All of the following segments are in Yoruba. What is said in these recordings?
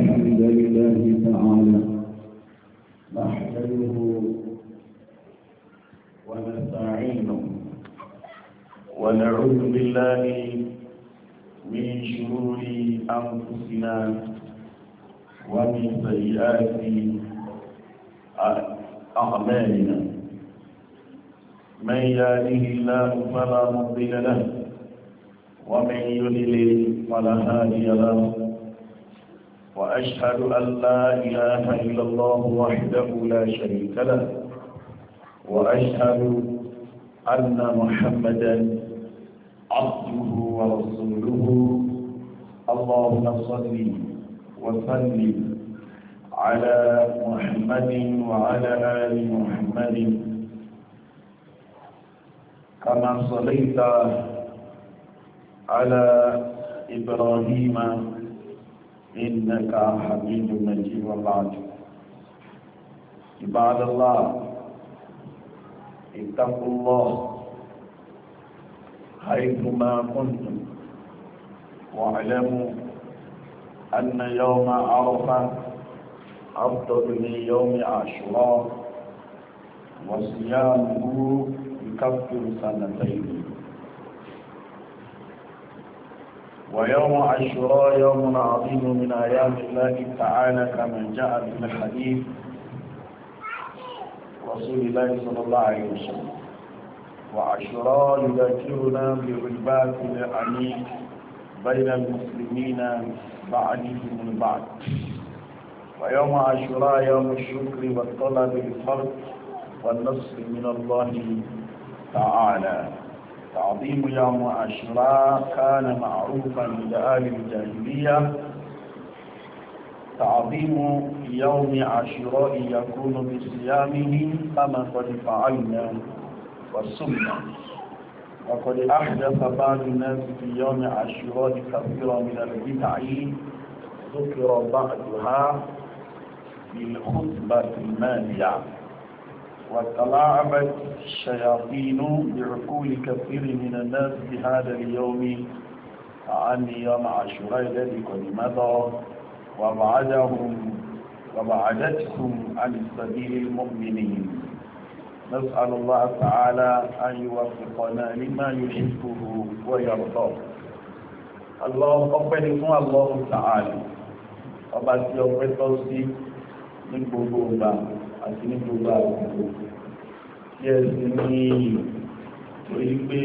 الحمد لله تعالى نحمده ونستعينه ونعوذ بالله من شرور أنفسنا ومن سيئات أعمالنا من يهده الله فلا مضل له ومن يضلل فلا هادي له وأشهد أن لا إله إلا الله وحده لا شريك له وأشهد أن محمدا عبده ورسوله اللهم صل وسلم على محمد وعلى آل محمد كما صليت على إبراهيم إنك حميد مجيد وبعد عباد الله اتقوا الله حيثما كنتم واعلموا أن يوم عرفة أفضل من يوم عاشوراء وصيامه يكفر سنتين ويوم عاشوراء يوم عظيم من أيام الله تعالى كما جاء في الحديث رسول الله صلى الله عليه وسلم وعاشوراء يذكرنا بالرباط العميق بين المسلمين بعدهم البعض ويوم عاشوراء يوم الشكر والطلب الفرد والنصر من الله تعالى تعظيم يوم عاشوراء كان معروفا عند أهل الجاهلية تعظيم يوم عاشوراء يكون بصيامه كما قد فعلنا والسنة وقد أحدث بعض الناس في يوم عاشوراء كثيرا من البدع ذكر بعضها بالخطبه المالية وتلاعبت الشياطين بعقول كثير من الناس بهذا اليوم عن يوم عاشوراء الذي قد مضى وبعدهم وبعدتهم عن سبيل المؤمنين نسأل الله تعالى أن يوفقنا لما يحبه ويرضاه الله أقبل الله تعالى ọba tí ọpẹ́ tọ́ sí ní àti ní gbogbo àgbègbè tí ẹ sì ní iyì torí pé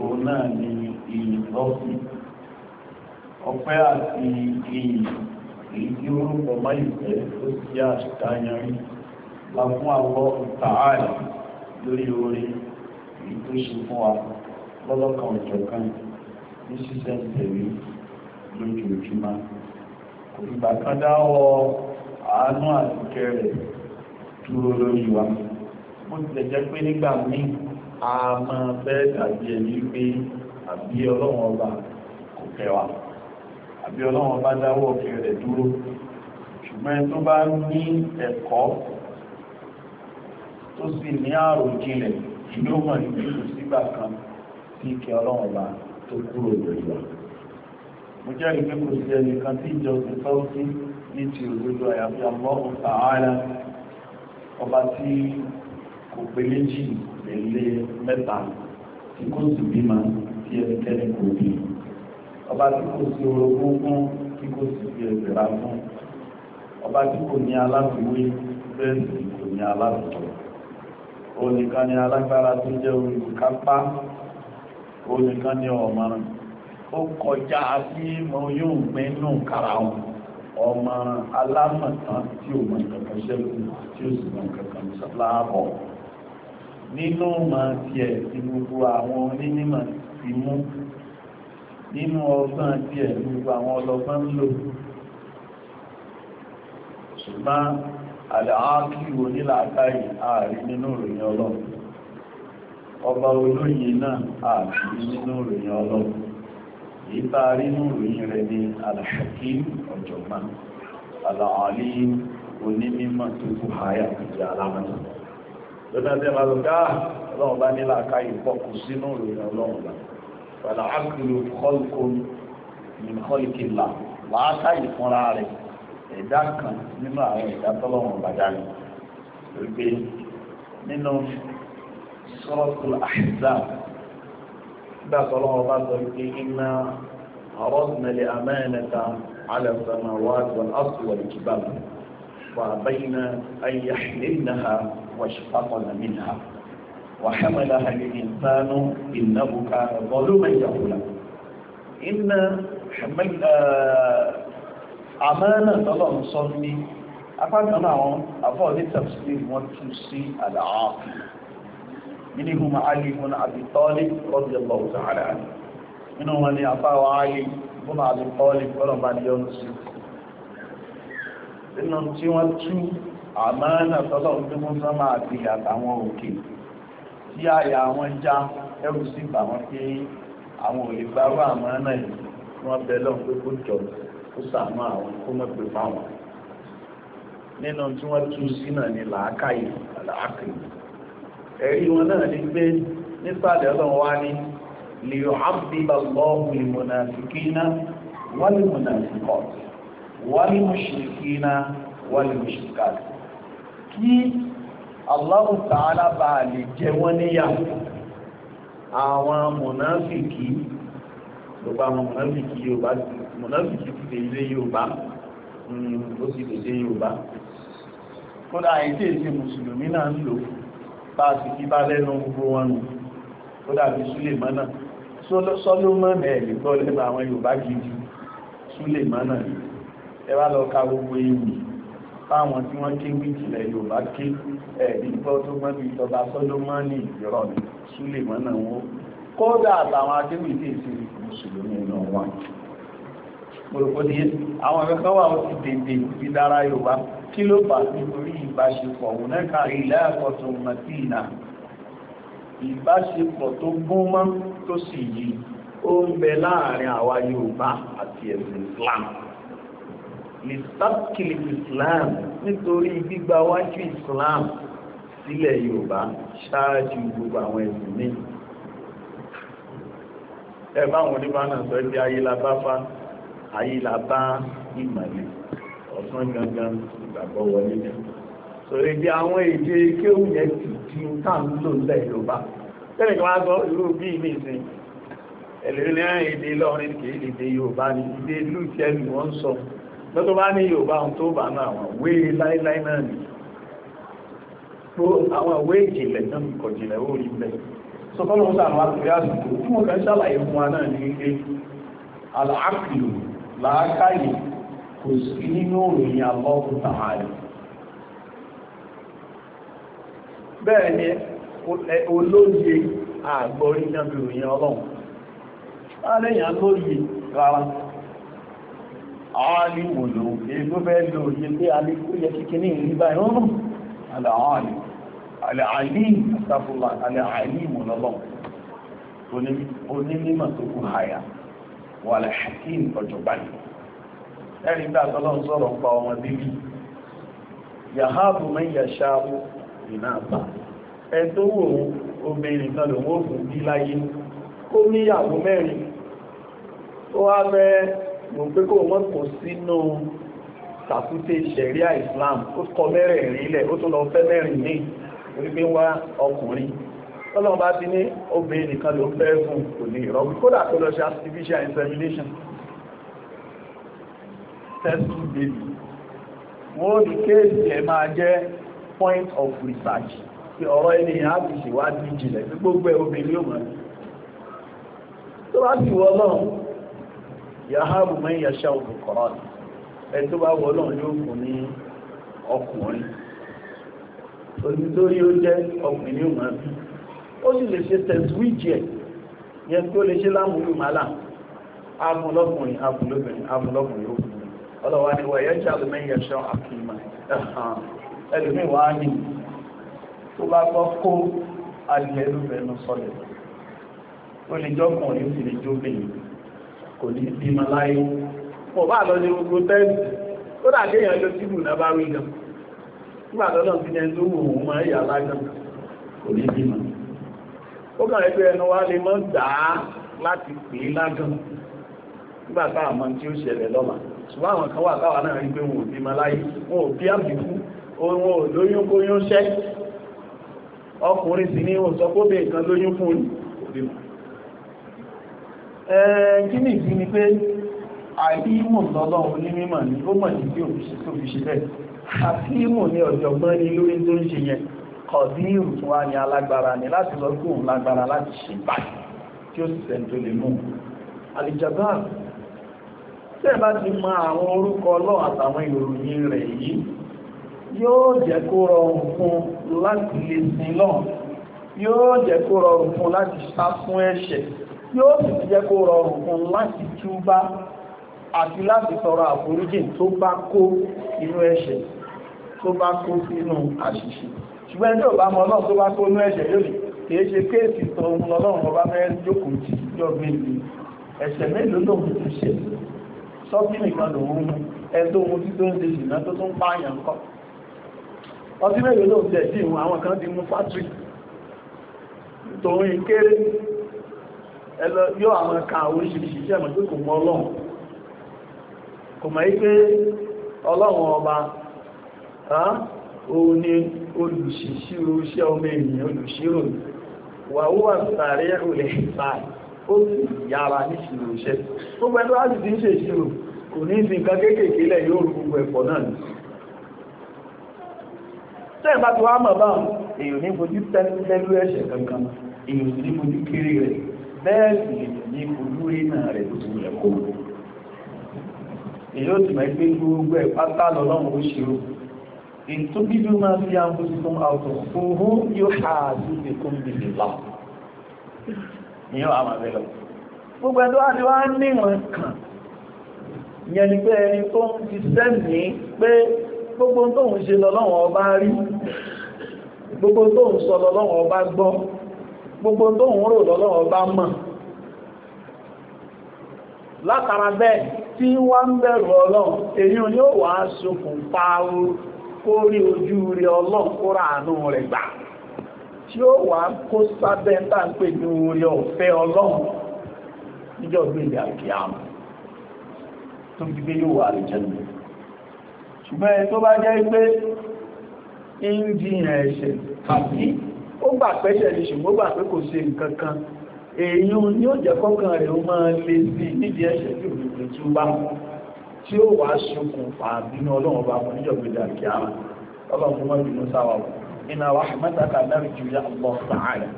òun náà ni iyì lọ́sìn ọpẹ́ àti iyì èyí tí orúkọ má ìfẹ́ tó sí àṣìkáyanrí la fún àwọ ìtààrí lórí orí èyí tó ṣe fún wa lọ́lọ́kan ọ̀jọ̀kan ní ṣíṣẹ́ tẹ̀lé lójoojúmọ́ kò fìgbà kan dáwọ́ àánú àti kẹrẹ̀ẹ́ dúró lórí wa mo tilẹ̀ jẹ́ pé nígbà míì a máa fẹ́ dàbí ẹni pé àbí ọlọ́wọ́n ọba kò fẹ́ wa àbí ọlọ́wọ́n bá dáwọ́ ọ̀fẹ́ rẹ̀ dúró ṣùgbọ́n ẹni tó bá ní ẹ̀kọ́ tó sì ní àròjinlẹ̀ ìlú mọ̀ nínú sígbà kan tí ìkẹ́ ọlọ́run ọba tó kúrò lórí wa mo jẹ́rìí pé kò sí ẹnìkan tí ìjọ ti tọ́ sí ní ti òdodo àyàfi àmọ́ òǹtà ààrẹ ọba tí kò pé méjì lélé mẹ́ta tí kò sì bímọ tí ẹnikẹ́ni kò bí ọba tí kò sí orogún fún tí kò sì fi ẹsẹ̀ ra fún ọba tí kò ní aláfiwé bẹ́ẹ̀ sì kò ní aláfitọ́ onìkan ni alágbára tó jẹ́ olùkápá onìkan ni ọ̀mọ̀ràn ó kọjá bí mo yóò gbẹ́nu kara wọn ọmọ alámọ̀tán tí ò mọ̀ kankan ṣẹ́gun tí ó sì mọ̀ kankan láàbọ̀ nínú mọ̀ tiẹ̀ ti gbogbo àwọn onímọ̀ ti mú nínú ọgbọ́n tiẹ̀ gbogbo àwọn ọlọ́gbọ́n ń lò ṣùgbọ́n àdáhákìwò nílàákàyè ààrin nínú ìròyìn ọlọ́run ọba olóyìn náà ààrin nínú ìròyìn ọlọ́run èyí bá rí ní ìròyìn rẹ̀ ní al-hakim ọ̀jọ̀gbọ́n al-alim onímọ̀ tó kú háyà àti alámọ́ta lọ́dọ̀ tí a lọ gá ah, ọlọ́run bá nílá ká ìpọ̀kù sínú ìròyìn ọlọ́run bá pẹ̀lú àkùrù nínú àwọn ẹ̀dá ذات الله بارك إنا عرضنا لأمانة على السماوات والأرض والجبال وبين أن يحملنها واشفقن منها وحملها الإنسان إنه كان ظلما جهولا إن حملنا أمانة الله صلي أفعل أنا أفعل التفسير والتوسي العاقل منهما علي بن أبي طالب رضي الله تعالى عنه منهما لأطاع علي بن أبي طالب ورمى اليونس nínú tí wọ́n tú àmánà tọ́lọ̀ ń dúnmọ́ sọ́mà àti àtàwọn òkè tí àyà wọn já ẹrù sí bà wọ́n pé àwọn òlè gbárù àmánà yìí wọ́n bẹ lọ́n pé kó jọ kó sàmọ́ àwọn kó mọ́ pé fáwọn nínú tí wọ́n tú sínà ní làákàyè làákàyè ẹ̀rí wọn náà ní pé nísàlẹ̀ ọlọ́run wá ní lè yọ̀hábíbà lọ́wọ́ ìmọ̀nàfikínà wal munafiqat wal mushrikina wal mushrikat kí Allahu ta'ala bá lè jẹ wọ́n níyà àwọn mọ̀nàfikí gbogbo àwọn mọ̀nàfikí Yorùbá mọ̀nàfikí hmm, èsì mùsùlùmí náà ń lò fún báàsì kí bá lẹ́nu gbogbo wọn nù ó dàbí Súlèmánà Sólómọ́nì ẹ̀lẹ́ gbọ́ lẹ́nu àwọn Yorùbá gidi Súlèmánà ẹ wá lọ ka gbogbo ewì fáwọn tí wọ́n kéwì ìjìnlẹ̀ Yorùbá ké ẹ̀ẹ́dì gbọ́ tó mọ́ bí ìjọba Sólómọ́nì ìrọ̀ ní Súlèmánà wọn kódà àtàwọn akéwì tí èsì mùsùlùmí nà wọn. mo rò pé àwọn akẹ́kọ̀ọ́ wa ti dèdè ìdára Yorùbá kí ló bá nítorí ìbáṣepọ̀ ònẹ́ka ilẹ̀ àkọ́tọ̀ martina ìbáṣepọ̀ tó gúnmọ́ tó sì yí ó ń bẹ láàrin àwa Yorùbá àti ẹ̀sìn Islam lìsáàkìlì Islam nítorí gbígba wájú Islam sílẹ̀ Yorùbá ṣáájú gbogbo àwọn ẹ̀sìn ní ẹ̀bá àwọn oníbánà sọ ẹ́ di ayélabáfá ayélabá ìmọ̀lẹ̀ ọ̀sán gangan ìgbàgbọ́ wọlé jẹ́ sọ̀rọ̀ ìdí àwọn èdè kéwù yẹn ti di táàmùlò ńlẹ̀ Yorùbá tẹ́lẹ̀ kí wọ́n á gbọ́ bí ní ìsìn ẹ̀lẹ́rìn ní èdè lọ́rin kìí èdè Yorùbá ní ìdè ìlú ìtẹ́lù wọ́n sọ lọ́tọ́ bá ní Yorùbá ohun tó bá náà àwọn wé láíláí náà nì àwọn ìwé ìjìnlẹ̀ náà kọ̀jìnlẹ̀ ó rí bẹ́ẹ̀ sọ́kọ́lọ́wọ́ sàrọ̀ àkùnrin àsìkò fún ọ̀kan ṣàlàyé fún wa náà ní ilé àlàákìlù làákàyè kò sí nínú òròyìn àbọ́kù tààrí bẹ́ẹ̀ ni olóye àgbọ̀rí nàbí òròyìn ọlọ́run aléyàn lóye rárá àálìmò lò ègbó bẹ́ẹ̀ lò yẹ pé alékó yẹ kíkẹ́ ní ìrìbá ìrọ̀rùn aláàlì aláàlìmò lọ́lọ́run onímọ̀ tó kú àyà wà láàkí ìkọjọ̀gbáyìí ẹ̀rí bá tọ́lọ́ sọ̀rọ̀ pa ọmọ bíbí yàhábù mẹ́yà ṣáàbù ìnáàbà ẹ tó wò ó obìnrin kan ló wó fún bí láyé kó níyàwó mẹ́rin ó wá bẹ́ mọ̀ pé kó wọ́n kò sínú tàkúté ṣẹ̀ríà Islam ó kọ mẹ́rẹ̀ rílẹ̀ ó tún lọ fẹ́ mẹ́rin ní orígbé wá ọkùnrin tọ́lọ́ bá ti ní obìnrin kan ló fẹ́ fún kò ní ìrọ́gbí Testing baby wọ́n ní kéèsì ẹ̀ máa jẹ́ point of research tí ọ̀rọ̀ ilé ìyá fi ṣèwádìí ìjìnlẹ̀ tí gbogbo ẹ̀ obìnrin yóò mọ̀ tó bá sì wọ́ náà yahabu mẹ́yìn yaṣẹ́ òkùnkọ̀rọ̀ ẹ̀ tó bá wọ́ náà yóò fún ní ọkùnrin onítorí ó jẹ́ ọkùnrin yóò mọ̀ bí ó sì lè ṣe tẹ̀síwìjì ẹ̀ yẹn tó lè ṣe lámúlùmálà abùlọ́kùnrin abùlọ́kùnrin abùlọ́kùnrin ó fún ọlọ́wà ni wọ̀nyẹ́ jàlù mẹ́yẹ̀ ṣọ́ àkìmọ̀ ẹlùmí wà ní tó bá gbọ́ kó alìyẹ̀lú bẹ̀rẹ̀ sọ́lẹ̀ ó lè jọ́kùnrin sì lè jóbìnrin kò ní bímọ láyé mọ̀ bá lọ ní gbogbo tẹ́ẹ̀sì ó dàbí èèyàn ló tí bùnà bá rí gan nígbà lọ́nà tí ẹni tó wù wọ́n máa yà lágàn kò ní bímọ ó kàn ẹgbẹ́ ẹnu wa lè mọ́ dàá láti pè é lágàn nígbà táà mọ̀ tí ó ṣẹlẹ̀ lọ́la ṣùgbọ́n àwọn kan wà káwà náà rí pé wọn ò bímọ láyé wọn ò bí àbìkú wọn ò lóyún kó yún ṣẹ́ ọkùnrin sì ní òun sọ pé obìnrin nǹkan lóyún fún òbí kí ni ìdí ni pé àìmọ̀ lọ́lọ́run ní mímọ̀ ní ó mọ̀ ní bí òfìṣẹ́ òfìṣẹ́ bẹ́ẹ̀ àti ìmọ̀ ní ọ̀jọ̀gbọ́n ní lórí tó ń ṣe yẹn kọ̀dínrù tó wá ní alágbára ní láti lọ kí òun lágbára láti ṣe báyìí tí ó sì sẹ́ni tó lè mú àlìjàgbọ́n tẹ́ bá ti mọ àwọn orúkọ ọlọ́run àtàwọn ìròyìn rẹ̀ yìí yóò jẹ́ kó rọrùn fún láti lè sin lọ́run yóò jẹ́ kó rọrùn fún láti sá fún ẹ̀ṣẹ̀ yóò sì jẹ́ kó rọrùn fún láti túbá àti láti tọrọ àforíjì tó bá kó inú ẹ̀ṣẹ̀ tó bá kó sínú àṣìṣe ṣùgbọ́n tí ò bá mọ náà tó bá kó inú ẹ̀ṣẹ̀ lónìí kìí ṣe kéèsì tó ń lọ́lọ́run ọba mẹ́rin jókòó tí jọ gbé ẹ̀ṣẹ̀ mélòó lòun ti ṣe sọ́bí mẹ́rin ló jẹ́ sí ìwọ̀n àwọn kan ti mú fátrí tòun kéré ẹlọ yóò àwọn ka oríṣiríṣi mọ̀ tó kò mọ̀ ọlọ́run kò mọ̀ yí ọlọ́run ọba òun ni olùṣìṣirò iṣẹ́ ọmọ ènìyàn olùṣirò wà wúwà sàárẹ̀ olè ó sì yára níṣirò iṣẹ́ gbogbo ẹni láti ti ń ṣe ìṣirò kò ní fi nǹkan kéékèèké lẹ̀ yóò rú gbogbo ẹ̀pọ̀ náà ni tẹ́ẹ̀ bá ti wá mọ̀ báwọn èèyàn ní fojú tẹ́lú ẹ̀ṣẹ̀ kankan èèyàn ní fojú kéré rẹ̀ bẹ́ẹ̀ sì ní fojú rí náà rẹ̀ tó ti yẹ kó èyí ó máa gbé gbogbo ẹ̀ pátá lọ́lọ́run ó ṣe o èyí tó bídú máa fi àwọn fún àwọn fún yóò ṣáàdú ìyàn àmà gbogbo ẹ̀dọ́ àti wá ní ìwọ̀n kàn yẹn ni pé ẹni gbogbo tó ṣe lọ́lọ́wọ́ ọba rí gbogbo tó sọ lọ́lọ́wọ́ ọba gbọ́ gbogbo tó rò lọ́lọ́wọ́ ọba mọ̀ ń ojú tí ó wà kó sábẹ́ ń tà ń pè ní orí ọ̀fẹ́ ọlọ́run níjọ́ gbèdé àkíyàmù tó fi gbé yóò wà lè jẹ́ ṣùgbọ́n ẹ tó bá jẹ́ pé ìjìyàn ẹ̀ṣẹ̀ tàbí ó gbà pẹ́ṣẹ̀ ní ṣùgbọ́n gbà pé kò ṣe nǹkan kan èèyàn ni ó jẹ́ kọ́kàn rẹ̀ ó máa lè sí nídìí ẹ̀ṣẹ̀ tí òbí tí ó bá tí ó wàá ṣokùnfà bínú ọlọ́run bá mọ̀ níjọ̀gbẹ̀dà kìára ọlọ́run mọ́ ìbínú sáwà wọn iná rahmataka narju ya Allah ta'ala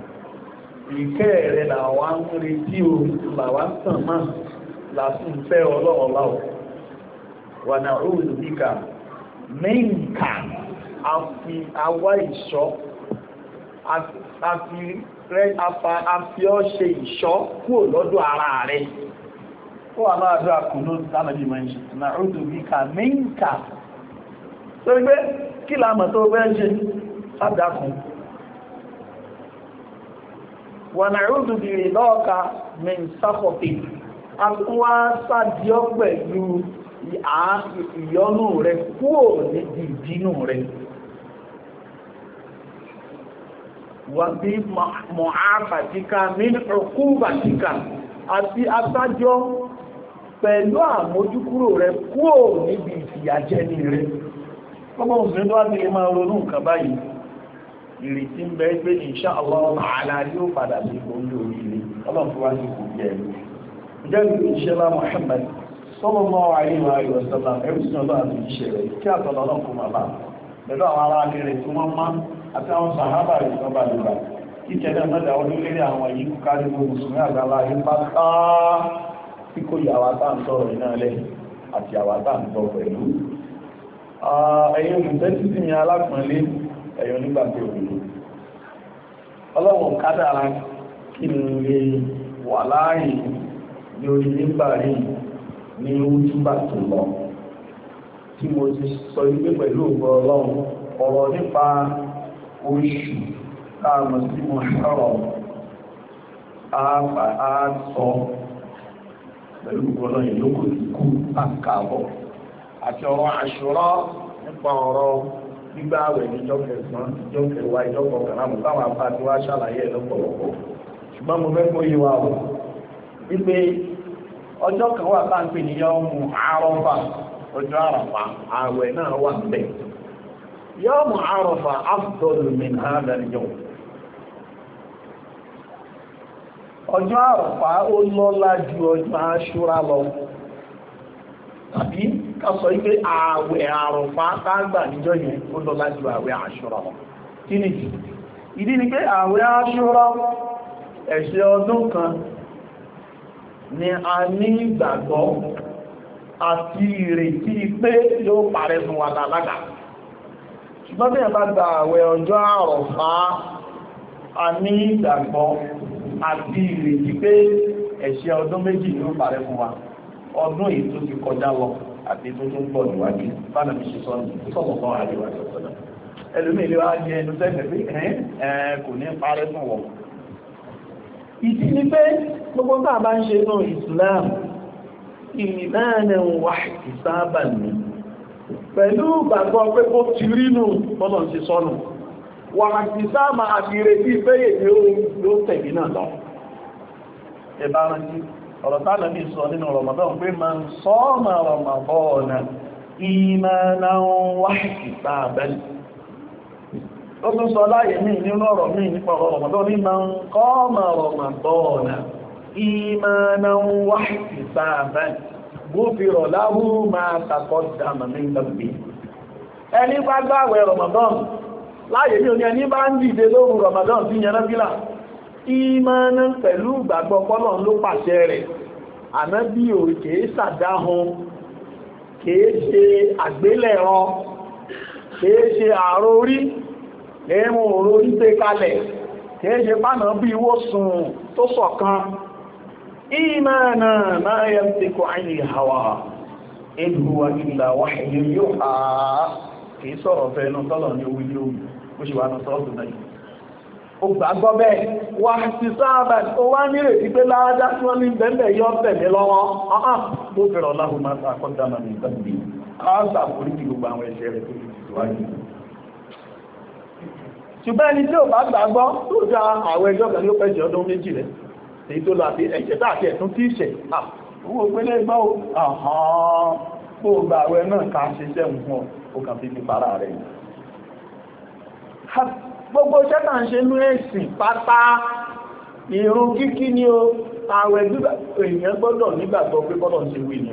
ìkẹ́ rẹ̀ làwa ń retí o làwa ń tàn máa làtún fẹ́ ọlọ́run láwọ̀ wà náà ó lù níkà mẹ́ǹkà àfi awá ìṣọ́ àfi rẹ̀ àfi ọ́ ṣe ìṣọ́ kúrò lọ́dọ̀ ara rẹ̀ ó wà máa dúrà kùn ló tánàbí mọ́ ṣe náà ó lù níkà mẹ́ǹkà tó gbé kí làmọ̀ tó gbé ṣe sádàkùn wà nàìrúdù bìrì lọ́ọ̀ka min sáfọ̀pì a tún wá sádìọ́ pẹ̀lú ìyọnú rẹ̀ kúò níbi ìbínú rẹ̀ wà bí mọ̀áfàtíkà min ọkúbàtíkà àti asájọ́ pẹ̀lú àmójúkúrò rẹ̀ kúò níbi ìfìyàjẹni rẹ̀ ọgbọ́n òṣèlú àti ìmọ̀ ronú nǹkan báyìí ìrètí ń bẹ pé insha Allah ta'ala yóò padà sí orí oríire ọlọ́run tó wá sí kò jẹ́ ẹ̀rù ìjẹ́rù ìṣẹ́lá Muhammad sallallahu alaihi wa sallam ẹ̀rù sí ọlọ́run àti ìṣẹ́ rẹ̀ kí àtọ̀lọ́ náà kó máa bá pẹ̀lú àwọn ará rẹ̀ tí wọ́n má àti àwọn sàhábà rẹ̀ tó bá lùbà kí tẹ̀lé mẹ́ta orílẹ̀-èdè àwọn yìí kú kárí gbogbo mùsùlùmí àgbàlá yìí pátá tí kò yàwá tá ẹ̀yọ́ nígbàgbé òbí ọlọ́wọ̀n kádàrá kí n lè wà láàyè ní orí nígbàrí ní ojúbà tó lọ tí mo ti sọ ilé pẹ̀lú ọlọ́run ọ̀rọ̀ nípa oṣù táàmù sí mo sọ̀rọ̀ àásọ pẹ̀lú ògbọ́ ọlọ́run lókòókù àkàbọ̀ àti ọ̀rọ̀ nípa ọ̀rọ̀ gbígbá àwẹ̀ níjọ́ kẹsàn-án níjọ́ kẹwàá ìjọ́ kọkànlá tí wá ṣàlàyé ẹ̀ ṣùgbọ́n mo fẹ́ kó yé wa wípé ọjọ́ kan wà ń pè ní àrọ́fà àwẹ̀ náà wà àrọ́fà tàbí ká sọ wípé ààwẹ̀ àrọ̀fá tágbà níjọ́ yẹn ó lọ láti ààwẹ̀ àṣúra kí ni ìdí ni pé ààwẹ̀ àṣúra ẹ̀ṣẹ̀ ọdún kan ni a ní ìgbàgbọ́ àti ìrètí pé yóò parẹ́ fún wa lálága ṣùgbọ́n bí ẹ̀bá gba àwẹ̀ ọjọ́ àrọ̀fá a ní ìgbàgbọ́ àti ìrètí pé ẹ̀ṣẹ̀ ọdún méjì yóò parẹ́ ọdún yìí tó ti kọjá lọ àti tó tó ń bọ̀ níwájú bára mi ṣe sọ ní sọ̀rọ̀ kan àríwá ìṣọ̀tọ̀lá ẹlòmíì lè wá jẹ ẹnu sẹ́fẹ̀ pé ẹ kò ní parẹ́ fún wọn. ìdí ni pé gbogbo tá a bá ń ṣe nù Islam ìlànà wà ìsáàbà ní pẹ̀lú gbàgbọ́ pé ó ti rí nù bọ́nà ti sọnù wà ìsáàbà àti ìrètí fẹ́yẹ̀ ni ó tẹ̀lé náà lọ ẹ̀bá rántí ọ̀rọ̀ tánà bí sọ nínú Ramadan pé man sọ́ọ̀mà Ramadan imanan wa ihtisaban ó tún sọ láyé mí nínú ọ̀rọ̀ mí nípa Ramadan ní man qama Ramadan imanan wa ihtisaban gúfìrọ̀ láhú máa takọ́ dámà ní ìtàgbé ẹni bá gbààwẹ̀ Ramadan láyé mí ò ní ẹni ìmọ̀nà pẹ̀lú ìgbàgbọ́ pọ́lọ̀ ló pàṣẹ rẹ̀ ànábì ò kèé sàdáhun kèé ṣe àgbélẹ̀rọ kèé ṣe àrórí ẹ̀mù òrórí pé kalẹ̀ kèé ṣe pánà bí tó sọ̀kan ìmọ̀nà kò ògbàgbọ́ bẹ́ẹ̀ wà sí sáàbà ó wá nírètí pé láádá tí wọ́n ní bẹ́ẹ̀ yọ tẹ̀lé lọ́wọ́ ọ̀hán ló fẹ̀rọ láhùn máa ta àkọ́dá màmí ìtàbí áàsà oríkì gbogbo àwọn ẹ̀ṣẹ̀ rẹ̀ tó wáyé ṣùgbọ́n ẹni já àwọn ẹjọ́ kan ló pẹ̀jẹ̀ ọdún méjì rẹ̀ èyí tó lọ àti ẹ̀jẹ̀ táàkì ẹ̀tún tí ìṣẹ̀ owó pélé gbọ́ ọ̀hán tó gba àwẹ̀ náà ká ṣiṣẹ́ nǹkan ó kàn fi fi para rẹ̀ gbogbo iṣẹ́ tà ń ṣe ní ẹ̀sìn pátá ìrun kíkí ni o àwẹ̀ èèyàn gbọ́dọ̀ nígbàgbọ́ pé bọ́dọ̀ ti wí ni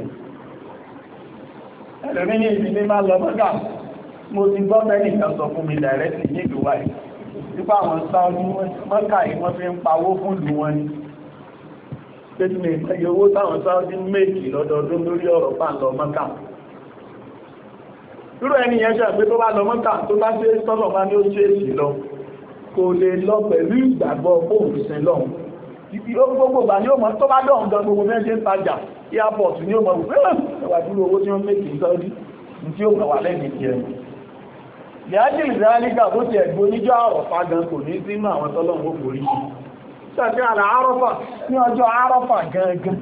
ẹ̀lẹ́mí ní ibi ní máa lọ mọ́gà mo ti gbọ́ mẹ́rin kan sọ fún mi dàrẹ́tì ní ìlú wáyé nípa àwọn sáájú mọ́kà yìí wọ́n fi ń pawó fún ìlú wọn ni pé tí mi ìpẹ́yẹ owó táwọn sáájú méjì lọ́dọọdún lórí ọ̀rọ̀ pàǹlọ mọ́kà irú ẹni yẹn ṣe pé tó bá lọ mọ́ta tó bá ṣe sọ́lọ̀ bá ní ó ṣe èsì lọ kò lè lọ pẹ̀lú ìgbàgbọ́ fóòrùsìn lọ́hùn ibi ó gbogbo bá ní ó mọ́ tó bá dọ̀hùn gan gbogbo mẹ́jẹ ń tajà airport ní ó mọ̀ wípé ẹwà dúró owó tí wọ́n méjì sọ́rí tí ó wà lẹ́nu ìdí ẹni ìyájí ìdáríkà bó ti ẹ̀gbó níjọ́ àrọ̀fà gan kò ní sínú àwọn tọ́lọ́wọ́ forí ṣàtí àrà àrọ̀fà ní ọjọ́ àrọ̀fà gangan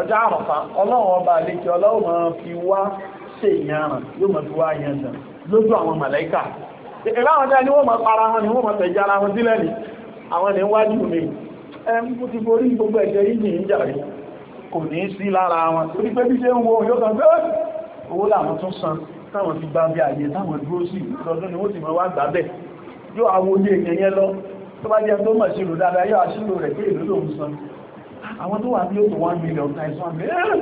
ọjọ́ àrọ̀fà ọlọ́run ọba àlejò ọlọ́run fi wá ṣe ìyàràn yóò mọ̀ tí wá yẹnsàn lójú àwọn màláíkà ìráwọn dá ní wọ́n mọ̀ para wọn ni wọ́n mọ̀ tẹ̀já ara wọn sílẹ̀ ni àwọn ni wájú mi ẹmú ti borí gbogbo ẹ̀jẹ̀ yìí ń jàrí kò ní sí lára wọn torí pé bí ṣe ń wo yóò sàn pé owó làwọn tún san táwọn ti bá bí àyè táwọn dúró sí lọ́dún ni wọ́n ti mọ̀ wá gbà bẹ̀ yóò àwọn olé èèyàn yẹn lọ tó bá jẹ́ tó mọ̀ sí ìlú dáadáa yóò àṣírò rẹ̀ pé ìlú lòun san àwọn tó wà ní òtò 1 million times 1 million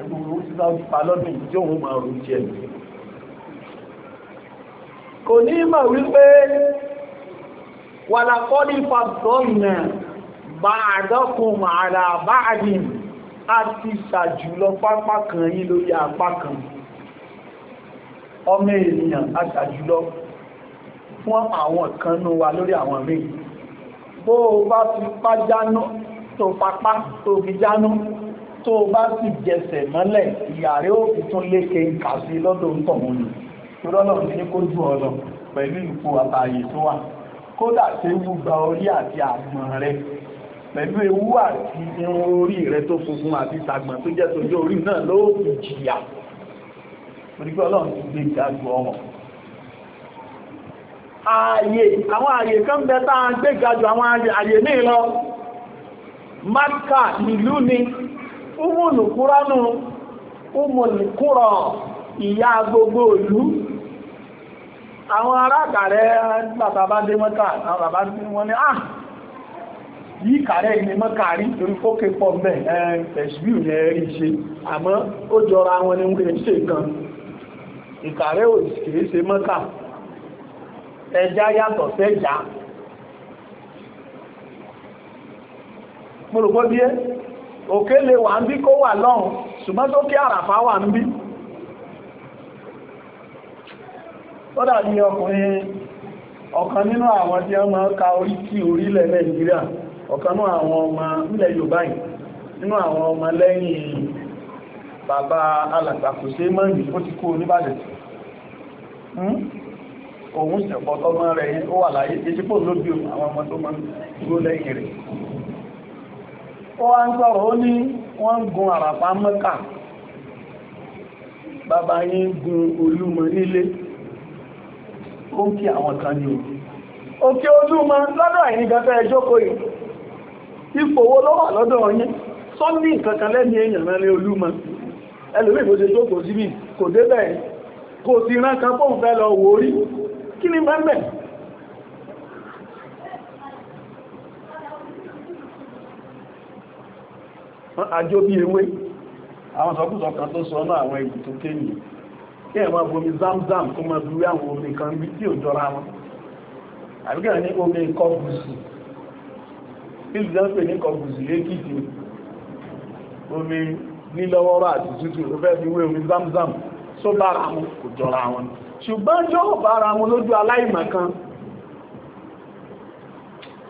ẹgbùn owó tí sáà pa lọ́dún ìjọ òun máa rò jẹ kò ní mọ̀ wípé wàlàkọ́dí fàtọ́nà bá àdọ́kùn mààrà bá àdìn àti ṣàjùlọ pápá kan yí lórí apá kan ọmọ ènìyàn aṣàjùlọ fún àwọn kan nú wa lórí àwọn míì bó o bá fi pá jánú tó papá tó fi jánú tó bá sì jẹsẹ̀ mọ́lẹ̀ ìyà rẹ̀ ó fi tún léke kà sí lọ́dọ̀ ń tọ̀wọ́ ni ìrọ́lọ̀ ní kó ju ọ̀nà pẹ̀lú ipò àtàyè tó wà kódà tí ewu gba orí àti àgbọ̀n rẹ̀ pẹ̀lú ewu àti irun orí rẹ̀ tó funfun àti tàgbọ̀n tó jẹ́ tójú orí náà ló fi jìyà orígbé ọlọ́run ti gbé ìdájú ọmọ ààyè àwọn ààyè kan bẹ tá a gbé ìdájú àwọn ààyè míì lọ Mákà ìlú ni umul kuranu umul kúrọ̀ ìyá gbogbo ìlú àwọn arákàrẹ́ bàbá bá dé mọ́ta àwọn bàbá tí wọ́n ah, ní ah yìí kàrẹ́ ìní mọ́kàrí torí fókè pọ̀ mẹ́ ẹ̀ṣbí ìyẹn rí ṣe àmọ́ ó jọra wọn ni wọ́n ṣe kan ìkàrẹ́ ò kìí ṣe mọ́kà ẹja yàtọ̀ sẹ́jà mo rò bọ́ bí ẹ́ òkè lè wà ń bí kó wà lọ́hùn ṣùgbọ́n tó kí àràfá wà ń bí ó dàbí ọkùnrin ọ̀kan nínú àwọn tí wọ́n ka orí tí orílẹ̀ Nàìjíríà ọ̀kan àwọn ọmọ ilẹ̀ Yorùbá yìí nínú àwọn ọmọ lẹ́yìn bàbá alàgbàkùsé ti hmm? mọ́ wọ́n wá ń sọ̀rọ̀ ó ní wọ́n gun àràpá mẹ́kà bàbá yín gun oluma nílé ó ń kí àwọn kan ní òkè olúmọ lọ́dọ̀ ẹ̀yin gẹ́gẹ́ ẹjọ́kọ́ yìí ipò owó lọ́wọ́ lọ́dọ̀ yín tó ní ìkankan lẹ́ni èèyàn rán lé ẹlòmí ajó bí ewé àwọn sọkúsọ kan tó sọ náà àwọn ìgbì tó kéyìn kí ẹ̀mọ́ bomi zamzam kó mọ́ dúró àwọn omi kan bí tí ò jọra wọn àbíkẹ́ ní omi kọbùsì ìlú jẹ́ ní kọbùsì lẹ́kìtì omi nílọ́wọ́rọ́ àti tútù ó fẹ́ fi wé omi zamzam tó bára wọn kò jọra wọn ṣùgbọ́n yóò bára wọn lójú aláìmọ̀kan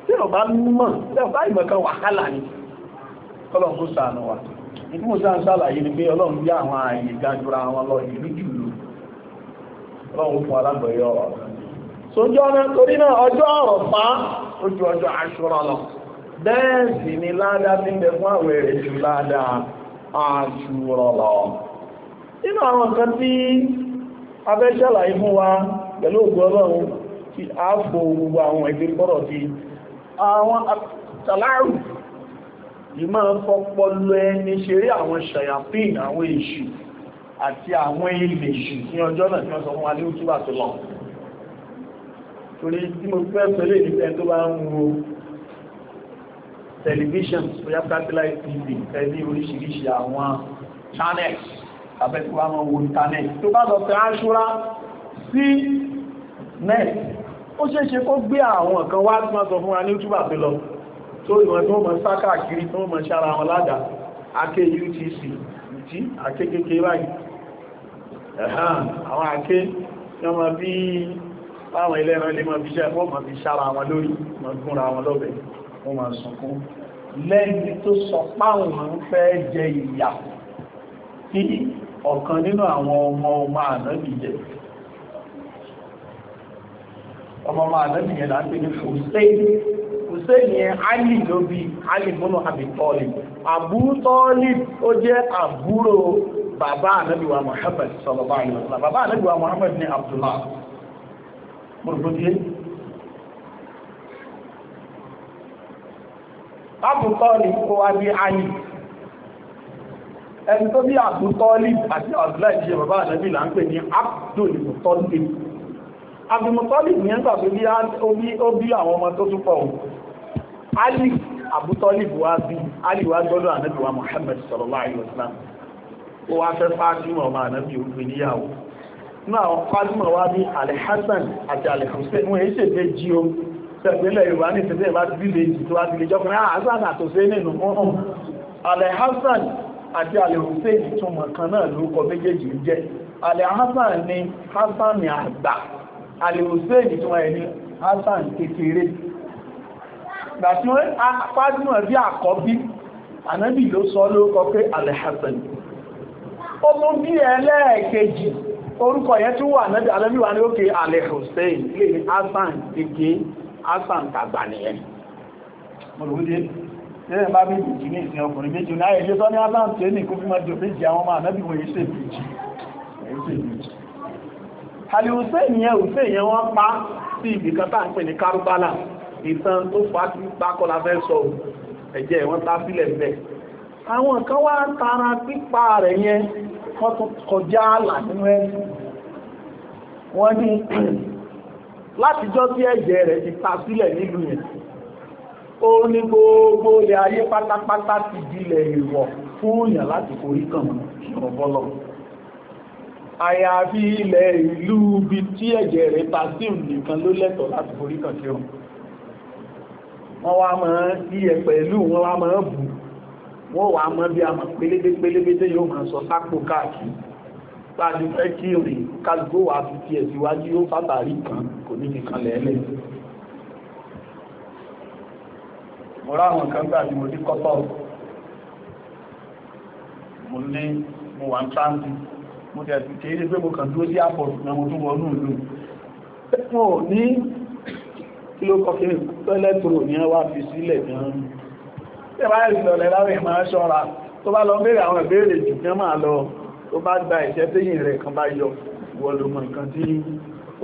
tí ọ̀bá mímọ̀ tí ọ̀bá ìmọ̀kan wàhálà ni kọ́lọ̀kú sàánú wa ìdí mo sàlàyé ni pé ọlọ́run bí àwọn ààyè gajura wọn lọ ìlú jùlọ ọlọ́run fún alágbẹ̀yọ ọ̀rọ̀ sójú ọ̀nà torí náà ọjọ́ ọ̀rọ̀ pa ni ládàá ti ń fún àwẹ̀ rẹ̀ ju ládàá lọ àwọn tí abẹ́ fún wa pẹ̀lú ọlọ́run ti gbogbo àwọn ìmọ̀ fọpọlọ ẹni ṣeré àwọn ṣàyàfíìn àwọn èṣù àti àwọn ilẹ̀ èṣù ní ọjọ́ náà tí wọ́n sọ fún wa ní òtúbà tó lọ torí tí mo fẹ́ pẹ̀lẹ̀ nípa tó bá ń wo television bóyá satellite tv tẹ́lẹ̀ oríṣiríṣi àwọn channels tàbí wá mọ́ wo internet tó bá lọ tẹ́ aṣúra sí net ó ṣeéṣe kó gbé àwọn kan wá tí wọ́n sọ fún wa ní òtúbà tó lọ tó ìwọ̀n tó mọ̀ sáká kiri tó mọ̀ sára wọn ládà ake UTC ìtí ake kékeré báyìí àwọn ake yọ mọ̀ bí láwọn ilé ẹran lè mọ̀ bí iṣẹ́ wọ́n mọ̀ bí sára wọn lórí mọ̀ gúnra wọn lọ́bẹ̀ wọ́n mọ̀ sọkún lẹ́ni tó sọ páwọn fẹ́ jẹ ìyà tí ọ̀kan nínú àwọn ọmọ ọmọ ànábì jẹ ọmọ ọmọ ànábì yẹn láti ní fòsẹ́yìn hussein ali ló bí múnú àbí tọ́lì àbú tọ́lì ó jẹ́ àbúrò bàbá ànábìwà muhammad sallallahu bàbá ànábìwà muhammad ní anabiwa mọ̀rọ̀gbọ́dé àbú tọ́lì ó wá bí ali ẹni tó bí àbú tọ́lì àti abdullah bàbá ní abdul ẹgbàgbé bí ó àwọn ọmọ tó Ali Abutọ́líbù wá bí Ali wá gbọ́dọ̀ ànábì wa Muhammad sallallahu alaihi wasallam ó wá fẹ́ Fátímà ọmọ ànábì ogun níyàwó náà àwọn Fátímà wá bí Alhassan àti Alhussein wọ́n èyí ṣèfẹ́ jí o sẹ́gbẹ́lẹ̀ Yorùbá ní ìfẹ́sẹ̀ bá ti bílẹ̀ èjì tó wá ti lè jọkùnrin ah, Hassan àtòsẹ́ nínú ọ̀hún Alhassan àti Alhussein túnmọ̀ kan náà lórúkọ méjèèjì jẹ́ Alhassan ni Hassan àgbà Alhussein túnmọ̀ ẹni Hassan kékeré gbà tí wọ́n Fátímà bí àkọ́bí ànábì ló sọ lórúkọ pé alẹ́hàsàn ọmọ bí ẹlẹ́ẹ̀kejì orúkọ yẹn tún wà ànábì wà ní òkè alẹ́hùsẹ́yìn lè ní Hassan kéèké Hassan tàgbà nìyẹn mọ̀lúwúdé ẹ̀rẹ̀ bá bí ìjì ní ìsìn ọkùnrin méjì ní ayẹyẹ sọ ní aláàmù tí ó ní ìkún fún mọ́jọ méjì àwọn ọmọ ànábì wọ́n yìí ṣèbìjì Àlì Hussein yẹn Hussein yẹn wọ́n pa sí ibìkan tá ń pè ní Kárúbálà ìtàn tó pàtí pákọ́lá fẹ́ sọ ẹ̀jẹ̀ wọ́n tá sílẹ̀ bẹ̀. àwọn kan wá tara pípa rẹ̀ yẹn wọ́n tún kọjá àlà nínú ẹ̀ wọ́n ní látijọ́ tí rẹ̀ ti ta sílẹ̀ nílùú yẹn ó ní gbogbo ilẹ̀ ayé pátápátá ti dilẹ̀ ìwọ̀ fún èèyàn láti forí kàn ṣọ̀rọ̀ àyàfi ilẹ̀ ìlú ibi tí ẹ̀jẹ̀ rẹ̀ ta sí nìkan ló lẹ́tọ̀ọ́ láti forí kàn ṣọ̀rọ̀ wọ́n wá mọ́ yíyẹ pẹ̀lú wọ́n wá mọ́ bù wọ́n wá mọ́ bí a mọ̀ pélébé pélébé tó yóò mọ̀ sọ sápò káàkiri láti fẹ́ kí rìn kálùkó wà fi ti ẹ̀síwájú yóò fàtàrí kan kò ní mo dí kọ́tọ́ mo ní mo wà ń tráńtì mo tẹ̀ sí kéré pé mo kàn dúró sí àpọ̀ ìgbàmọ̀ tó wọnú ìlú kí ló kọ́ kí tọ́lẹ́tòrò ní wá fi sílẹ̀ gan tí a bá rí ìlọ̀lẹ̀ láwẹ̀ máa ṣọ́ra tó bá lọ béèrè àwọn ìbéèrè jù kí máa lọ tó bá gba ìṣẹ́ téyìn rẹ̀ kan bá yọ wọlùmọ̀ nǹkan tí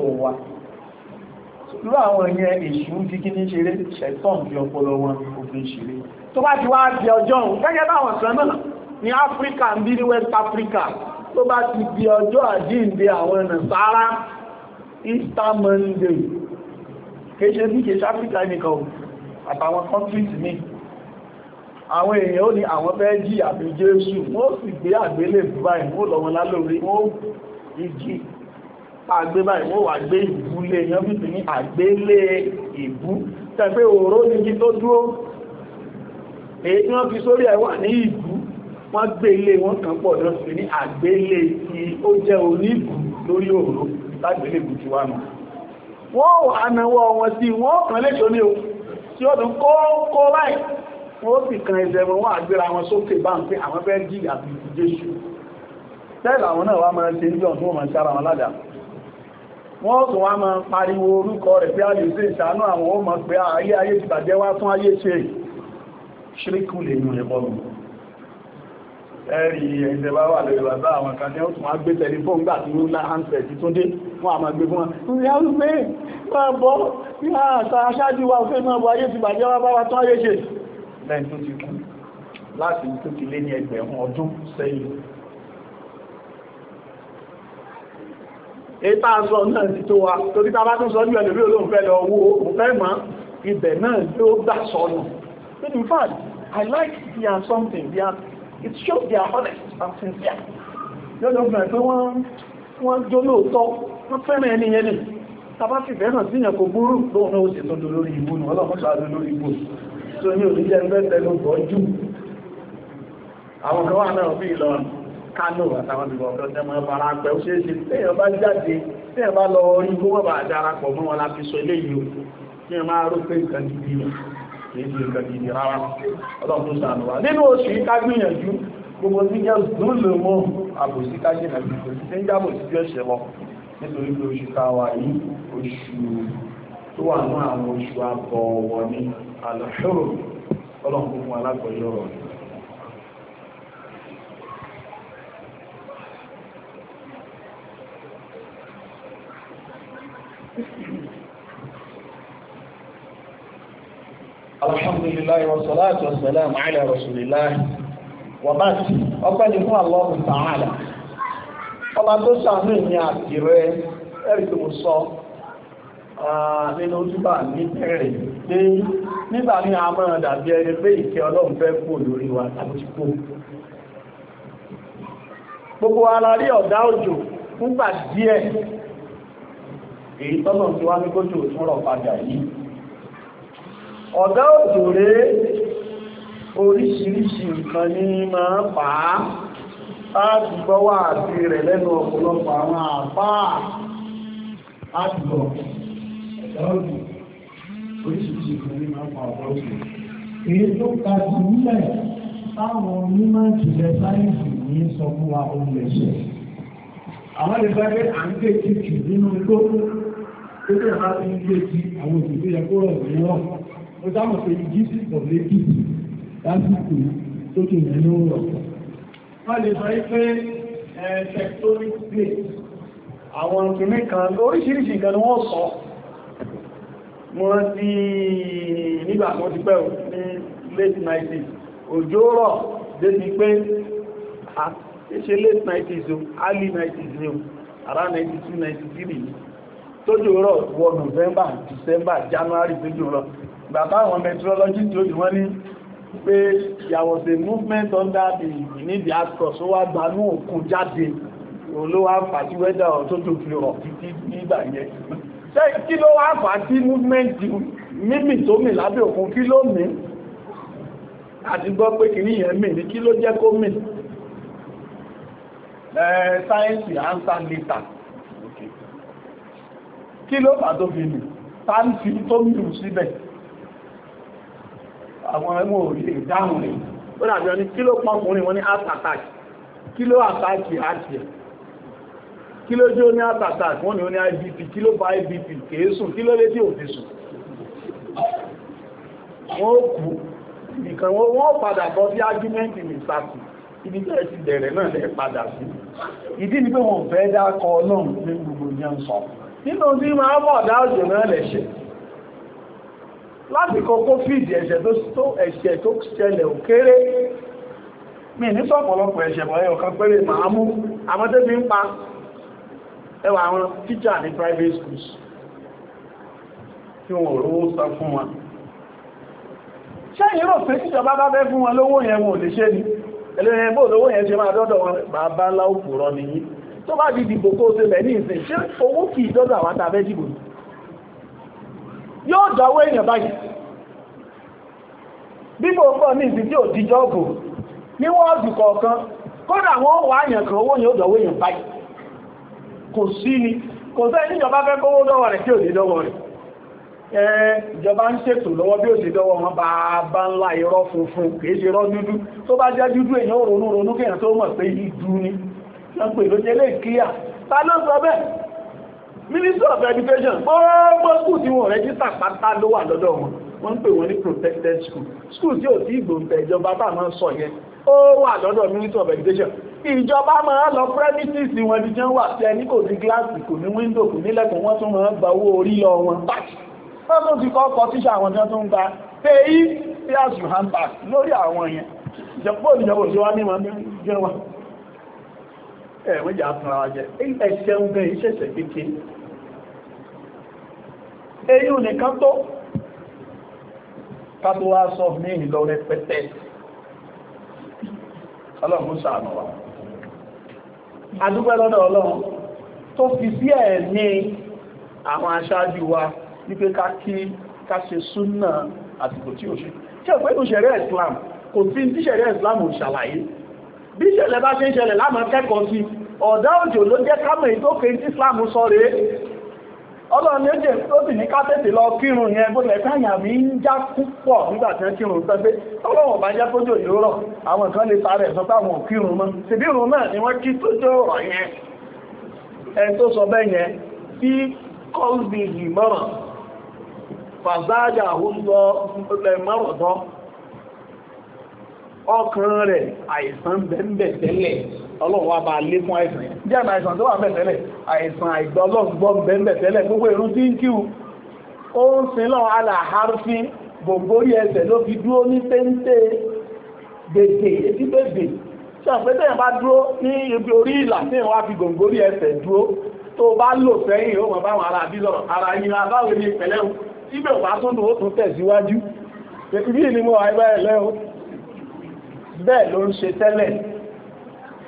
ó wà lú àwọn ìyẹn èṣù ti kí ní ṣeré ṣẹ̀tọ́n fi ọpọlọ wọn òfin ṣeré tó bá ti ní ní West Africa tó bá ti di ọjọ́ àjíǹde àwọn ẹ̀nà sáárá Easter Monday kéṣe bí kéṣe áfíríkà nìkan àtàwọn countries ní àwọn èèyàn ó ní àwọn fẹ́ jí àbí jésù wọ́n sì gbé àgbélé báyìí wọ́n lọ́wọ́ lálórí wọ́n ìjì àgbé báyìí wọ́n wà gbé ìbú lé èèyàn bí ti ní àgbélé ìbú tẹ́fẹ́ òró ní kí tó dúró èyí tí wọ́n fi sórí ẹ̀ wà ní ìbú wọ́n gbé ilé wọn kan pọ̀ lọ́sí ní àgbélé tí ó jẹ́ oníbù lórí òró lágbélé ìbú ti wà náà wọ́n wà náwọ́ wọn sí wọ́n kàn lè tó ní o tí ó dùn kókó láì wọ́n sì kan ẹ̀jẹ̀ wọn wọ́n àgbéra wọn sókè bá ń pé àwọn fẹ́ jí àti jésù tẹ́lẹ̀ àwọn náà wá máa ṣe ń jọ tó máa sára wọn ládà wọ́n tún wá máa pariwo orúkọ rẹ̀ pé a lè ṣe ìṣàánú àwọn ó mọ̀ pé ayé ayé ti bàjẹ́ wá fún ayé ṣe ṣíríkù lè yùn ẹ̀bọ̀rùn ẹ̀rì ẹ̀ǹdẹ̀bá wà lórí bàbá àwọn kan ní ó tún wá gbé tẹlifóòn gbà tí ó lá handset tún dé wọ́n a máa gbé fún wọn ní àwọn olùgbé máa bọ́ ní àṣà aṣáájú wa fẹ́ máa bọ́ ayé ti bàjẹ́ wá bá wa tán ayé ṣe lẹ́yìn tó ti kú láti tó ti lé ní ẹgbẹ̀rún ọdún sẹ́yìn èyí tàà sọ náà ti tó wa torí ta bá tún sọ ní ẹlòmí olóhùn fẹ́ lọ owó òfẹ́ mọ́ ibẹ̀ náà ló gbà sọ́nù in fact I like there are something there are it shows their honest and sincere lọ́dọ̀ gbọ́n pé wọ́n jó lóòótọ́ wọ́n fẹ́ràn ẹni yẹn ni tàbá fi fẹ́ràn sí ìyàn kò gbúrú lóòun náà ó sì tó lórí ìbò nù ọlọ́mọ́sọ àdó lórí ìbò tó ní òníjẹ́ ẹgbẹ́ ló gbọ́ jù àwọn kan wà náà bí Ìlọrin Kánò àtàwọn ìbò ọ̀dọ́ tẹ́mọ̀ ẹbára pẹ́ ó ṣeé ṣe tẹ́yàn bá jáde tẹ́yàn bá lọ rí gbówọ́ bá darapọ̀ mọ́ wọn láti kìí di nǹkan gidi rárá ọlọ́run tó sànù wa nínú oṣù ká gbìyànjú gbogbo tí jẹ́ zúlù mọ́ àbòsí ká jẹ́ nàbí kò sí tẹ́jà bò sí ẹ̀ṣẹ̀ lọ nítorí pé oṣù ká wà yìí oṣù tó wà ní àwọn oṣù àbọ̀wọ̀ ní àlọ́ṣọ́rọ̀ ọlọ́run fún alágbọ̀yọ̀rọ̀ rẹ̀ الحمد لله والصلاة والسلام على رسول الله وبعد أقول لكم الله تعالى ọba tó ṣàánú ìní àtìrẹ ẹ̀rí tó sọ nínú ojúbà ní bẹ̀rẹ̀ pé nígbà ní àmọ́ràn dàbí ẹni pé ìkẹ́ ọlọ́run fẹ́ kó lórí wa tàbí gbogbo ara rí ọ̀dá òjò fúngbà díẹ̀ èyí tọ́lọ̀ tí wá ní kójò tún rọ̀ padà yìí ọ̀gá òjòrè oríṣiríṣi nǹkan ní máa pàá láti gbọ́wà àti rẹ̀ lẹ́nu ọ̀pọ̀lọpọ̀ àwọn àpáà láti lọ ọ̀gá òjò oríṣiríṣi nǹkan ní máa pàá ọ̀gá òjò èyí tó ka jù nílẹ̀ táwọn onímọ̀ ìjìnlẹ̀ sáyẹ́ǹsì ní sọ fún wa ohun ẹ̀ṣẹ̀ àwọn ìgbàgbé à ń gbé títì nínú igbó tó bẹ̀rẹ̀ bá ti ń gbé ti àwọn òṣèlú yẹ kó mo sábà pé jíìsì pọ̀ lẹ́kìtì lásìkò sókè yẹn ló ń rọ̀. wọ́n lè sọ pé tectonic plate àwọn kìíní kan lóríṣiríṣi nǹkan ni wọ́n sọ wọ́n ti nígbà kan ti pẹ́ ní late 90s òjò rọ̀ débi pé ṣe late 90s o early 90s o around 92 93 tójò rọ̀ wọ November December January tójò rọ̀ bàbá àwọn meteorologist ló dì wọ́n ní pé there was a movement under the ní the ascot ó wá gbanú òkun jáde olówá pàtí wẹ́dà ọ̀tọ́tò fi rọ̀ títí nígbà yẹn ṣe kí ló wá fà tí movement mímì tó mì lábẹ́ òkun kí ló mì àti gbọ́ pé kìíní yẹn mì ní kí ló jẹ́ kó mì sáyẹ́nsì answer later kí ló fà tó fi mì tá ń tó mì síbẹ̀ àwọn ẹmọ òṣèrè dáhùn rẹ̀ ó dàbí ọ ní kí ló pọ́kùnrin wọn ní àtàtàkì kí ló àtàkì àti ẹ̀ kí ló jó ní àtàtàkì wọ́n ni ó ní ibp kí ló bá ibp kèésùn kí ló lé tí òfin sùn wọ́n kú nìkan wọ́n padà bọ́ sí ágímẹ́ntì mìsàkù ibi tẹ́ ti bẹ̀rẹ̀ náà lẹ́ padà sí ìdí ni pé wọ́n fẹ́ dákọ ọlọ́run ní gbogbo ìyẹn nínú tí máa mọ̀ dáàjò náà lẹ̀ṣẹ̀ lásìkò covid ẹ̀ṣẹ̀ tó ẹ̀ṣẹ̀ tó ṣẹlẹ̀ ò kéré mi ní sọ̀pọ̀lọpọ̀ ẹ̀ṣẹ̀ bọ̀ ẹ̀yọ̀ kan pẹ́rẹ màá mú àmọ́tẹ́ fi ń pa ẹwà àwọn teacher ní private schools tí wọ́n rówó san fún wọn ṣẹ́yìn rò pé tíjọba bá bẹ́ fún wọn lówó yẹn wọn ò lè ṣe ni ẹlẹ́rìn bó lówó yẹn ṣe máa dọ́dọ̀ wọn bàbá láòpùrọ̀ nìyí tó bá di dìbò kó ṣe bẹ̀ ní ìsìn ṣé owó kìí dọ́dọ̀ àwọn tàbẹ́ dìbò ni yóò dáwọ́ èèyàn báyìí bí gbogbo ní ìsìn tí ò díjọ́ bò ní wọ́n ọ̀dù kọ̀ọ̀kan kódà wọ́n wà eyan kan owó si ni kò sẹ́ níjọba fẹ́ kówó lọ́wọ́ rẹ̀ tí ò dídọ́wọ́ rẹ̀ ìjọba ń ṣètò lọ́wọ́ bí o sì bá bá ńlá funfun ṣe dúdú tó bá dúdú ronú ronú tó pé minister of education gbogbo school tí wọ́n register pátá ló wà lọ́dọ̀ wọn wọ́n ń pè wọ́n ní protected school school tí ò sí ìgbòǹtẹ̀ ìjọba bá máa ń sọ yẹn ó wà lọ́dọ̀ minister of education ìjọba máa lọ premises wọn ní jẹ́ wà tí ẹni kò sí gíláàsì kò ní wíńdò kò nílẹ̀kùn wọ́n tún máa ń gba owó orí lọ wọn báyìí wọ́n tún ti kọ́ kọ́ tíṣà àwọn jẹ́ tó ń gba payí payers you hand back lórí àwọn yẹn ìjọba ìjọba òṣèwá ní wọn jẹ́ wọn ẹ̀wọ́n jà fúnra wa jẹ́ ẹ̀ṣẹ̀ ń bẹ ìṣẹ̀ṣẹ̀ kékeré eyín nìkan tó kátó wá sọ ní ìlọ rẹpẹtẹ ọlọ́run sàánà wa adúgbẹ́ lọ́dọ̀ ọlọ́run tó fi sí ẹ̀ ní àwọn aṣáájú wa wípé ká kí ká ṣe súnà àsìkò tí ó ṣe tí ọ̀pẹ́ tó ṣẹ̀rẹ́ Islam kò tí tí ṣẹ̀rẹ́ Islam ò ṣàlàyé bí ìṣẹ̀lẹ̀ bá ṣe ń ṣẹlẹ̀ láàmọ́ kẹ́kọ̀ọ́ sí ọ̀dá òjò ló jẹ́ kámẹ̀ ìtókè Islam sọ rèé ọlọ́run méjì tó sì ní kátẹ́tì lọ kírun yẹn bó lẹ̀ káyà ń já púpọ̀ nígbà wọ́n kírun sọ pé ọlọ́run bá jẹ́ tójò rọ̀ àwọn kan lè parẹ̀ sọ mọ́ náà ni wọ́n kí tójò rọ̀ yẹn ẹ tó sọ tí kọ́lbì ọlọ́run wá bá lé fún àìsàn yẹn díẹ̀ náà àìsàn tó wà bẹ̀ àìsàn àìgbọ́ gbogbo ìrun tí ń kíw ó ń sin lọ́wọ́ aláhárúfí gbòǹgbórí ẹsẹ̀ ló fi dúró ní téńté bèbè etí bèbè ṣàpẹ́ tẹ́yìn bá dúró ní ibi orí ìlà tí wọ́n á fi gbòǹgbórí ẹsẹ̀ dúró tó bá lò sẹ́yìn ó mọ̀ báwọn ará bí lọ́rọ̀ ara yìí abáwẹ̀ ní ìpẹ̀lẹ́ ibẹ̀ wà tó dùn ó tún tẹ̀síwájú ìbí ni mo wà ibẹ̀ lẹ́wọ́ bẹ́ẹ̀ ló ń ṣe tẹ́lẹ̀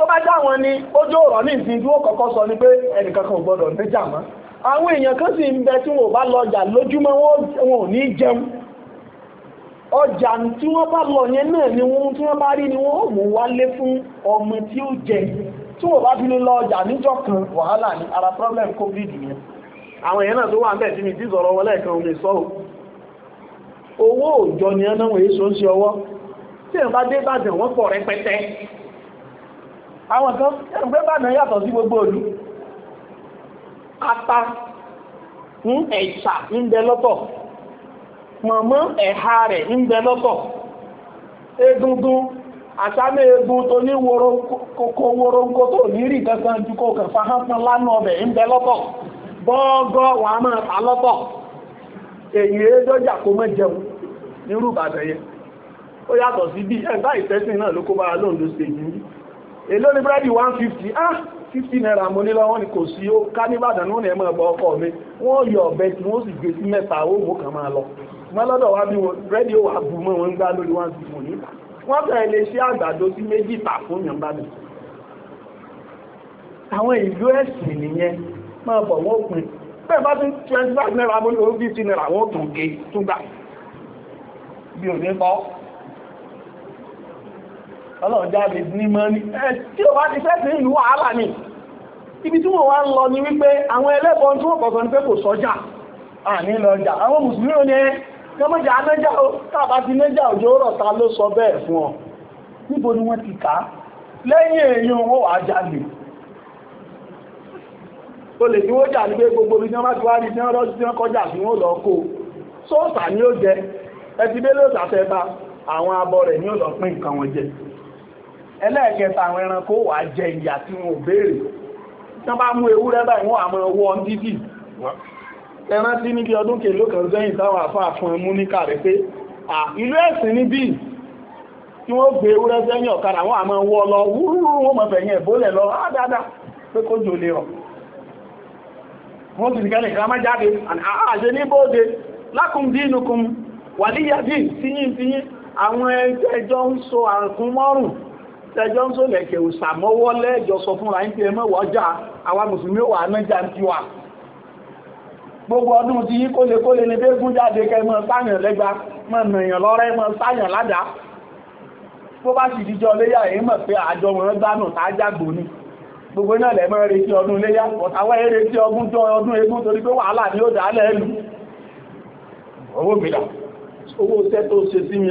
tó bá jáwọn ni ojú ọ̀rọ̀ ní ìsìn tí ó kọ́kọ́ sọ ni pé ẹnìkankan ò gbọ́dọ̀ níjà mọ́ àwọn èèyàn kan sì ń bẹ tí wọn ò bá lọjà lójúmọ́ wọn ò ní jẹun ọjà tí wọ́n bá lọ yẹn náà ni wọ́n tí wọ́n bá rí ni wọ́n ò mú wálé fún ọmọ tí ó jẹ tí wọ́n bá fi lè lọ ọjà níjọ́ kan wàhálà ní ara problem covid yẹn àwọn èèyàn náà tó wà ń bẹ̀ sí mi tí sọ̀rọ̀ wọlé kan omi o owó òjọ ni ẹ náà wọ́n èso ń ṣe ọwọ́ tí èèyàn bá dé Ìbàdàn wọ́n pọ̀ rẹpẹtẹ àwọn kan ẹgbẹ́ bá náà yàtọ̀ sí gbogbo òlú ata ń ẹ̀ṣà ń bẹ lọ́tọ̀ mọ̀mọ́ ẹ̀ha rẹ̀ ń bẹ lọ́tọ̀ egungun àṣálẹ̀ egun tó ní kòkó woronko tó nírì kankan ju kò kàn fahánpọn lánà ọbẹ̀ ń bẹ lọ́tọ̀ bọ́ọ̀gọ́ ta lọ́tọ̀ èyí kó mọ́ jẹun nírú ó yàtọ̀ sí bí náà ló kó bára èló ní búrẹ́dì 150 ah 50 naira mo ní lọ́wọ́ ni kò sí ó ká nìbàdàn ní ẹ̀mọ́ ẹ̀bọ ọkọ mi wọ́n yọ ọ̀bẹ tí wọ́n sì gbé sí mẹ́ta ó mú kàn máa lọ mọ́ lọ́dọ̀ wá bí wọn búrẹ́dì ó wà bù mọ́ wọn ń gbá lórí 150 mo ní lè ṣe àgbàdo sí méjì tà fún yàn àwọn ìlú ẹ̀sìn nìyẹn máa bọ̀ wọ́n pin bẹ́ẹ̀ bá tún 25 naira mo ní 50 naira wọ́n tún gé tún gbà bí ò ní bọ́ ọlọ́run jáde ní mọ́ní tí ó bá ti fẹ́ sí ìlú wàhálà ní ibi tí wọ́n wá ń lọ ní wípé àwọn ẹlẹ́bọn tí wọ́n kọ̀ọ̀kan ní pé kò sọ́jà àní lọ́jà àwọn mùsùlùmí ò ní ẹ kọmọ́jà anájà tàbá ti nájà òjò rọ̀ ta ló sọ bẹ́ẹ̀ fún ọ níbo ni wọ́n ti ká lẹ́yìn èyí owó àjálè o lè ní wọ́n jà ní pé gbogbo ibi tí wọ́n bá ti wá rí tí wọ́n rọ́jú tí wọ́n kọjá sí wọ́n lọ kó sóòsà ni ó jẹ ẹtibélé òsàfẹ́ bá àwọn abọ rẹ̀ ní ó lọ pín nǹkan wọn jẹ ẹlẹ́ẹ̀kẹta àwọn ẹranko wà jẹ ìyà tí wọn ò béèrè tán bá mú ewúrẹ́ báyìí wọ́n àmọ́ ọwọ́ dídì ẹran tí níbi ọdún kèló kan sẹ́yìn táwọn àfáà fún ẹmú ní kàrẹ́ pé ìlú ẹ̀sìn níbí tí wọ́n gbé ewúrẹ́ sẹ́yìn ọ̀kadà wọ́n àmọ́ ọwọ́ lọ wúrúrú lọ pé tẹjọ́ ń sọ̀lẹ̀ kẹ̀ òsàmọ́wọ́ lẹ́jọ sọ la ń pè mọ́ mùsùlùmí wà gbogbo ọdún ti yí kólekóle ní bégún jáde kẹ mọ́ sáyàn lẹ́gba mọ́ nàyàn lọ́rẹ́ mọ́ sáyàn ládàá bó bá sì díjọ léyà èyí mọ̀ pé àjọ gbánù gbogbo náà lẹ́mọ́ retí ọdún léyà ọ̀tàwọ́ retí ọdún jọ ọdún egún torí pé wàhálà owó mìíràn owó tẹ́ tó ṣe sí mi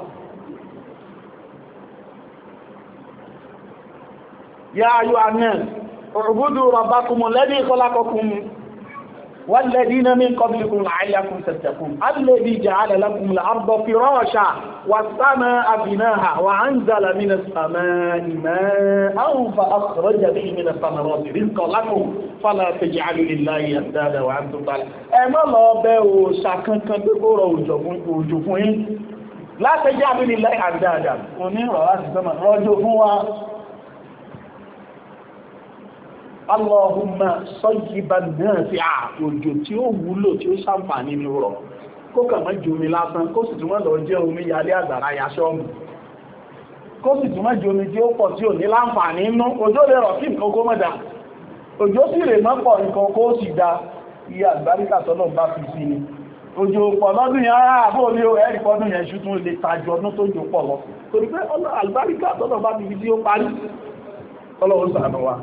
يا أيها الناس اعبدوا ربكم الذي خلقكم والذين من قبلكم لعلكم تتقون الذي جعل لكم الأرض فراشا والسماء بناها وأنزل من السماء ماء فأخرج به من الثمرات رزقا لكم فلا تجعلوا لله أندادا وأنتم تعلمون ẹ má lọ bẹ òòṣà kankan pé kó rọ òjò fún yín لا تجعلوا لله أندادا onírọ̀ láti sọ́mọ̀ rọ̀jò fún wa Allahumma sayyiban nafi'a òjò tí ó wúlò tí ó ṣàǹfààní ní rọ̀ kó kàn mọ́ jomi lásán kó sì túnmọ́ lọ jẹ́ omi yalé àgbàrá ya ṣọ́ọ̀mù kó sì túnmọ́ jomi tí ó pọ̀ tí ò ní láǹfààní inú òjò lè rọ̀ kí nǹkan kó mọ́ da òjò sì rè mọ́ pọ̀ nǹkan kó sì da iye àgbáríkà tọ́lọ̀ bá fi sí ni òjò pọ̀ lọ́dún yẹn ara ah, àbó ní o ẹ̀rì pọ́dún yẹn ṣú tún lè tajù ọdún tó jò pọ̀ lọ torí pé àlùbáríkà tọ́lọ̀ bá fi sí ó parí ọlọ́run ṣàánú wa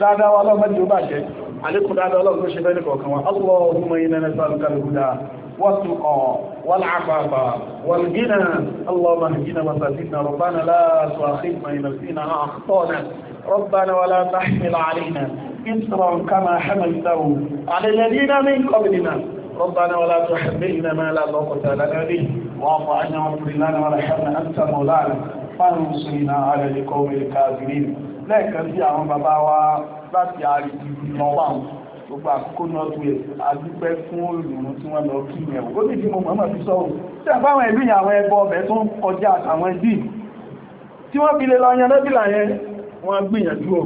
dáadáa wa lọ́wọ́ mẹ́jọ bá jẹ́ àlékún dáadáa ọlọ́run tó ṣe fẹ́ nìkọ̀ọ̀kan wa allahumma inna nas'aluka al-huda والتقى والعفاف والغنى اللهم اهدنا وسددنا ربنا لا تؤاخذنا ان نسينا اخطانا ربنا ولا تحمل علينا إسرا كما حملته على الذين من قبلنا ربنا ولا تحملنا ما لا طاقة لنا به واعف عنا واغفر لنا وارحمنا أنت مولانا fánúsìnà ààrẹ ikọ̀ ìkàzìrí lẹ́ẹ̀kan sí àwọn bàbá wa láti ààrí ìbí lọ́wọ́ gbogbo àkókò north west adúpẹ́ fún olùrún tí wọ́n lọ kí ìyẹ̀wò ó nìdí mo mọ̀mọ̀ fi sọ́rọ̀ tí àpá àwọn ìlú ìyàwó ẹbọ ọbẹ̀ tó ń kọjá àtàwọn ẹbí tí wọ́n fi lè lọ yan lọ́bìlà yẹn wọ́n gbìyànjú ò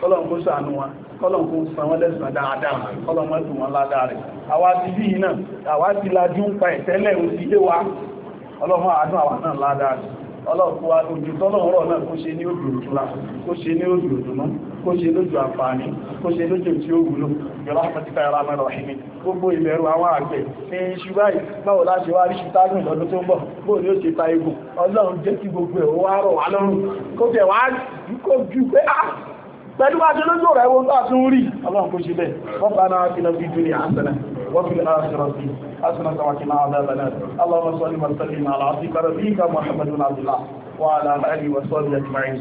kọ́lọ̀ kó sànú wọn kọ́lọ̀ kó san wọ́n lẹ́sàn dáadáa kọ́lọ̀ mọ́ tù wọn ládàá rẹ̀ àwa ti bí iná àwa ti lajú ń pa ìtẹ́lẹ̀ òsì lé ọlọ́pùwa ojú tọ́lọ̀wọ́rọ̀ náà kó ṣe ní ojú òtúlá kó ṣe ní ojú òtúnú kó ṣe lójú àǹfààní kó ṣe lójú tí ó wúlò yọlá pàtíkà yọlá mẹ́rọ ìní gbogbo ìbẹ̀rù àwọn àgbẹ̀ ní ṣúgbà ìgbàwò láti wá rí ṣùtágùn lọ́dún tó ń bọ̀ bó ní pẹ̀lú bá ṣe lójú ọ̀rọ̀ ẹwọ́n tàà tún rí ọlọ́run kó ṣe bẹ́ wọ́n bá náà fi lọ bí jù ní àṣẹ́lẹ̀ wọ́n fi náà ṣe rọ̀sí أسمى سواكنا على بنات اللهم صل وسلم على عبدك ربيك محمد بن عبد الله وعلى آله وصحبه أجمعين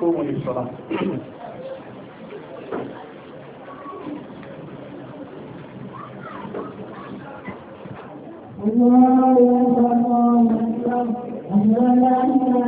قوموا للصلاة الله أكبر الله أكبر